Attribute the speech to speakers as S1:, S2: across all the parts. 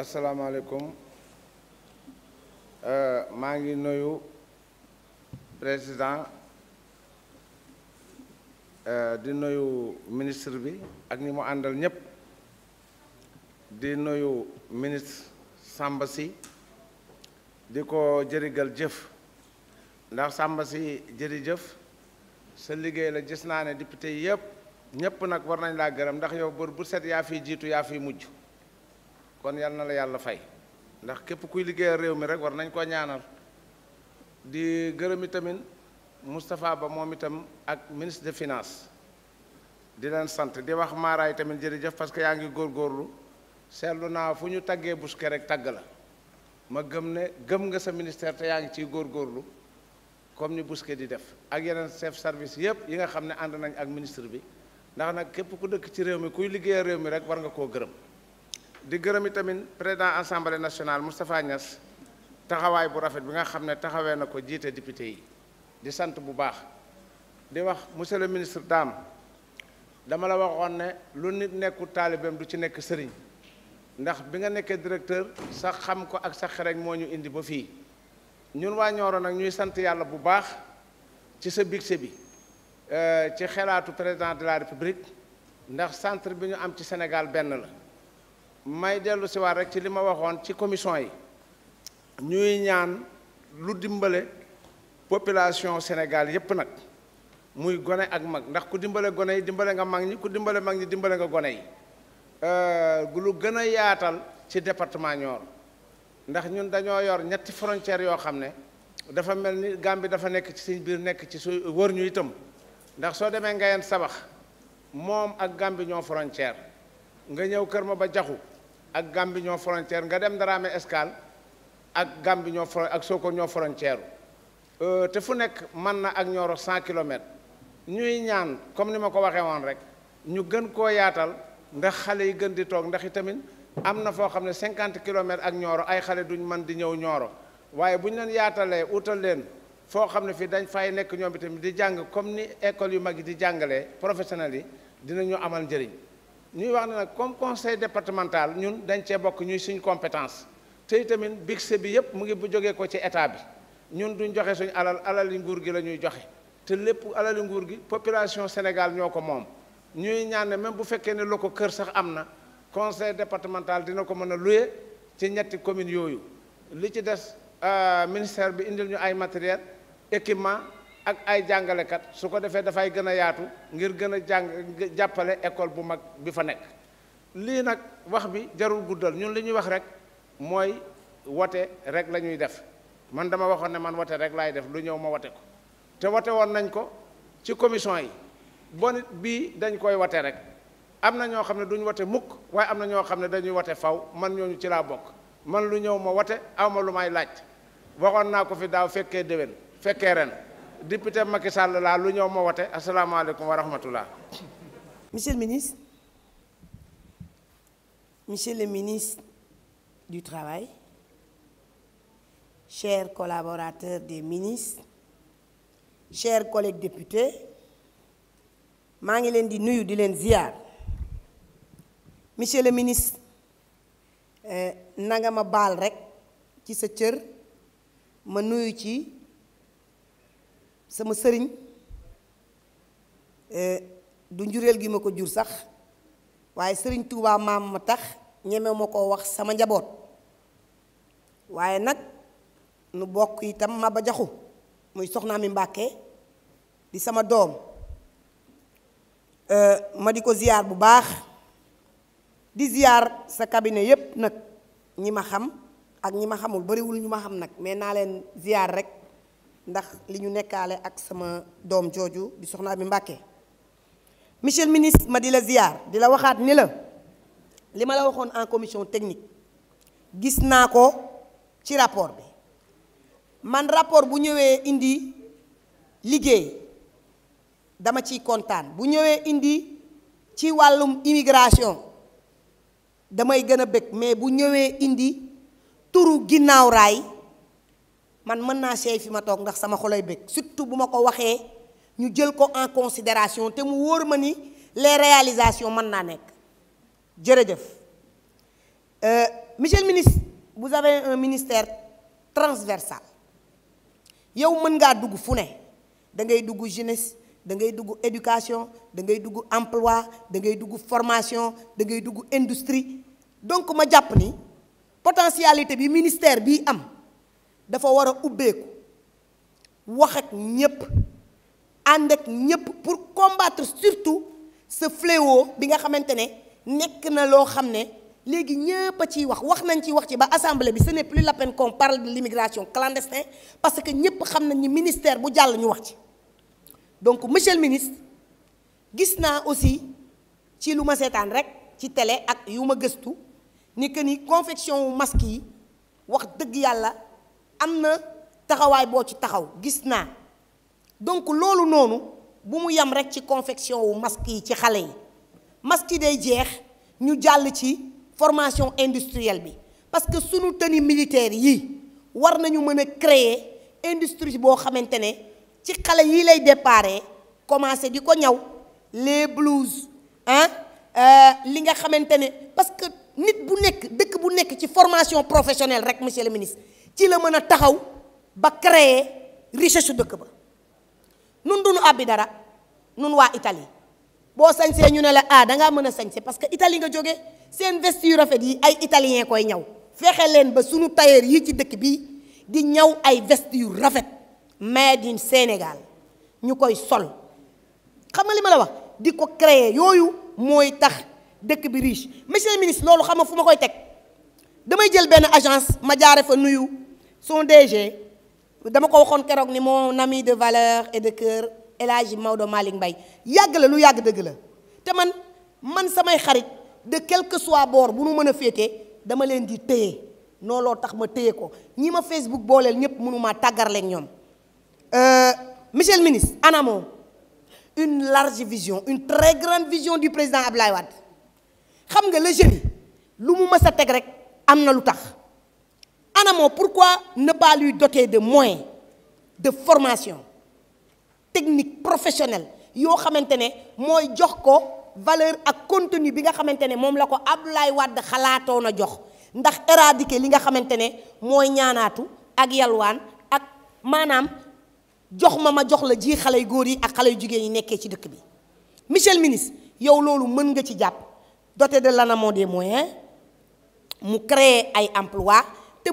S1: asalaamaaleykum euh, maa ngi nuyu président euh, di nuyu ministre bi ak ñi mu àndal ñépp di nuyu ministre Samba si di ko jërigal jëf ndax Samba Sy jërëjëf sa liggéey la gis naa ne député yépp ñépp nag war nañ laa gërëm ndax yow bër bu set yaa fiy jiitu yaa fiy mujj kon yàlla na la yàlla fay ndax képp kuy liggéeyal réew mi rek war nañ koo ñaanal di gërëm itamit Moustapha Ba moom itam ak ministre de finance di leen sant di wax maaraay tamit jërëjëf parce que yaa ngi góor góorlu seetlu naa fu ñu taggee buske rek tagg la ma gëm ne gëm nga sa ministère te yaa ngi ciy góorgóorlu comme ni buske di def ak yeneen chef service yépp yi nga xam ne ànd nañ ak ministre bi ndax nag képp ku dëkk ci réew mi kuy liggéeyal réew mi rek war nga koo gërëm di gërëm itamit président assemblée nationale Moustapha Niass taxawaay bu rafet bi nga xam ne taxawee na ko jiite député yi di sant bu baax di wax monsieur le ministre Dame dama la waxoon ne lu nit nekkul taalibeem du ci nekk sëriñ ndax bi nga nekkee directeur sa xam ko ak sa xereñ moo ñu indi ba fii ñun waa Nioro nag ñuy sant yàlla bu baax ci sa budget bi euh, ci xelaatu président de la république ndax centre bi ñu am ci Sénégal benn la may dellu siwaat rek ci li ma waxoon ci commission yi ñuy ñaan lu dimbale population Sénégal yépp nag muy gone ak mag ndax ku dimbale gone yi dimbale nga mag ñi ku dimbale mag ñi dimbale nga gone yi euh, lu gën a yaatal ci département Nioro ndax ñun dañoo yor ñetti frontières yoo xam ne dafa mel ni Gambie dafa nekk ci suñ biir nekk ci su wër ñu itam ndax soo demee Ngayeen Sabax moom ak Gambie ñoo frontière nga ñëw Kër ma ba Jaxu ak Gambie ñoo frontière nga dem Dramé Escale ak Gambie ñoo ak Sokone ñoo frontière euh, te fu nekk mën na ak Nioro 100 kilomètres ñuy ñaan comme ni ma ko waxee woon rek ñu gën koo yaatal ndax xale yi gën di toog ndax tamit am na foo xam ne 50 kilomètres ak Nioro ay xale duñ mën di ñëw Nioro waaye bu ñu leen yaatalee utal leen foo xam ne fii dañ fay nekk ñoom itamit di jàng comme ni école yu mag yi di jàngalee professionnels yi dinañu amal njëriñ. ñuy wax ne nag comme conseil départemental ñun dañ cee bokk ñuy suñ compétence tey tamit bigse bi yépp mu ngi bu jógee ko ci état bi ñun duñ joxe suñ alal alali nguur gi la ñuy joxe te lépp alali nguur gi population Sénégal ñoo ko moom ñuy ñaan ne même bu fekkee ne loo ko kër sax am na conseil départemental dina ko mën a luye ci ñetti communes yooyu li ci des euh, ministère bi indil ñu ay matériel équipement ak ay jàngalekat su ko defee dafay gën a yaatu ngir gën a jàng jàppale école bu mag bi fa nekk lii nag wax bi jarul guddal ñun li ñuy wax rek mooy wote rek la ñuy def man dama waxoon ne man wote rek laay def lu ñëw ma wote ko te wote woon nañ ko ci commission yi bon bii dañ koy wote rek am na ñoo xam ne duñ wote mukk waaye am na ñoo xam ne dañuy wote faw man ñooñu ci laa bokk man lu ñëw ma wote aw lu may laaj waxoon naa ko fi daaw fekkee déwén fekkee ren député Macky Sall laa lu ñëw ma wote asalaamaaleykum wa rahmatullah
S2: monsieur le ministre monsieur le ministre du travail chers collaborateurs des ministres chers collègues députés maa ngi leen di nuyu di leen ziar monsieur le ministre euh, nanga ma baal rekk ci sa cër ma nuyu ci sama sëriñ eh, du njureel gi ma ko jur sax waaye sëriñ Touba maam ma tax ñeme ma ko wax sama njaboot waaye nag nu bokk itam ma ba jaxu muy soxnaa mi Mbàkke di sama doom eh, ma di ko ziyaar bu baax di ziyaar sa cabinet yépp nag ñi ma xam ak ñi ma xamul bariwul ñu ma xam nag mais naa leen ziyaar rek ndax li ñu nekkaale ak sama doom jooju di soxnaa bi Mbàkke monsieur ministre ma di la ziar di la waxaat ni la li ma la waxoon en commission technique gis naa ko ci rapport bi man rapport bu ñëwee indi liggéey dama ci kontaan bu ñëwee indi ci wàllum immigration damay gën a bëgg mais bu ñëwee indi turu ginnaaw raay man mën naa seey fi ma toog ndax sama xolay bëgg surtout bu ma ko waxee ñu jël ko en considération te mu wóor ma ni les réalisation mën naa nekk jërëjëf euh, monsieur le ministre vous avez un ministère transversal yow mën ngaa dugg fu ne da ngay dugg jeunesse da ngay dugg éducation da ngay dugg emploi da ngay dugg formation da ngay dugg industrie donc ma jàpp ni potentialité bi ministère bii am dafa war a ubbeeku wax ak ñépp ànd ak ñépp pour combattre surtout ce fléau bi nga xamante ne nekk na loo xam ne léegi ñépp a ciy wax wax nañ ciy wax ci ba assemblée bi ce n'est plus la peine qu'on parle de l'immigration clandestine parce que ñépp xam nañ ni ministère bu jàll ñu wax ci donc monsieur le ministre gis naa aussi ci lu ma seetaan rek ci tele ak yu ma gëstu ni que ni confection masque yi wax dëgg yàlla am na taxawaay boo ci taxaw gis naa donc loolu noonu bu mu yem rek ci confection wu masque yi ci xale yi masque yi day jeex ñu jàll ci formation industrielle bi parce que suñu tenue militaire yi war nañu mën a créer industrie boo xamante ne ci xale yi lay déparé commencé di ko ñaw les blouses ah li nga xamante ne parce que nit bu nekk dëkk bu nekk ci formation professionnelle rek monsieur le ministre ci la mën a taxaw ba créer richesse dëkk ba nun du nu àbbi dara nun waa Italie boo sañsee ñu ne la ah da ngaa mën a sañse parce que Italie nga jógee seen veste yu rafet yi ay italien koy ñaw fexe leen ba sunu tailleur yi ci dëkk bi di ñaw ay veste yu rafet made in Sénégal ñu koy sol xam nga li ma la wax di ko créer yooyu mooy tax dëkk bi riche monsieur le ministre loolu xam nga fu ma koy teg damay jël benn agence ma jaare fa nuyu son DG dama ko waxoon keroog ni moo ami de valeur et de cœur El Hadji Maodo Malick mbay yàgg la lu yàgg dëgg la te man man samay xarit de quel que soit boor bu nu mën a féetee dama leen di noo nooloo tax ma téye ko ñi ma Facebook booleel ñëpp mënumaa tàggarleeg ñoom euh, monsieur le ministre anamo une large vision une très grande vision du président Abdoulaye Wade xam nga le jeune lu mu mës a teg rek am na lu tax en amont pourquoi ne pas lui de moyens de formation technique professionnel yoo xamante ne mooy jox ko valeur ak contenu bi nga xamante ne moom la ko Abdoulaye Wade xalaatoon a jox ndax éradiquer li nga xamante ne mooy ñaanaatu ak yalwaan ak maanaam jox ma ma jox la ji xale yu góor yi ak xale yu jigéen yi nekkee ci dëkk bi monsieur le ministre yow loolu mën nga ci jàpp doté de l'ANAMO des moyens mu créer ay emplois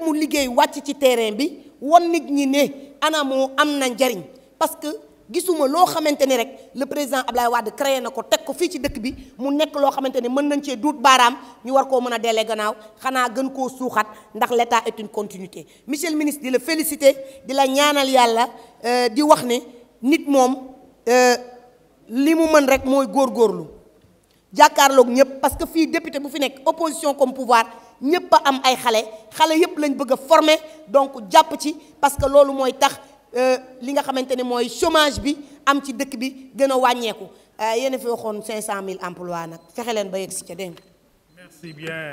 S2: mu liggéey wàcc ci terrain bi won nit ñi ne ANAMO am na njariñ parce que gisuma loo xamante ne rek le président Ablaye Wade créé na ko teg ko fii ci dëkk bi mu nekk loo xamante ne mën nañ cee duut baaraam ñu war koo mën a deelee gannaaw xanaa gën koo suuxat ndax l'état est une continuité monsieur le ministre di la féliciter di la ñaanal yàlla euh, di wax ne nit moom euh, li mu mën rek mooy góor góorgóorlu jàkkaarloog ñëpp parce que fii député bu fi nekk opposition comme ñëpp am ay xale xale yëpp lañ bëgg a former donc jàpp ci parce que loolu mooy tax euh, li nga xamante ni mooy chomage bi am ci dëkk bi gën a wàññeeku euh, yéen a fi waxoon 500000 emplois nag fexe leen ba yegg si ca dégg merci bien.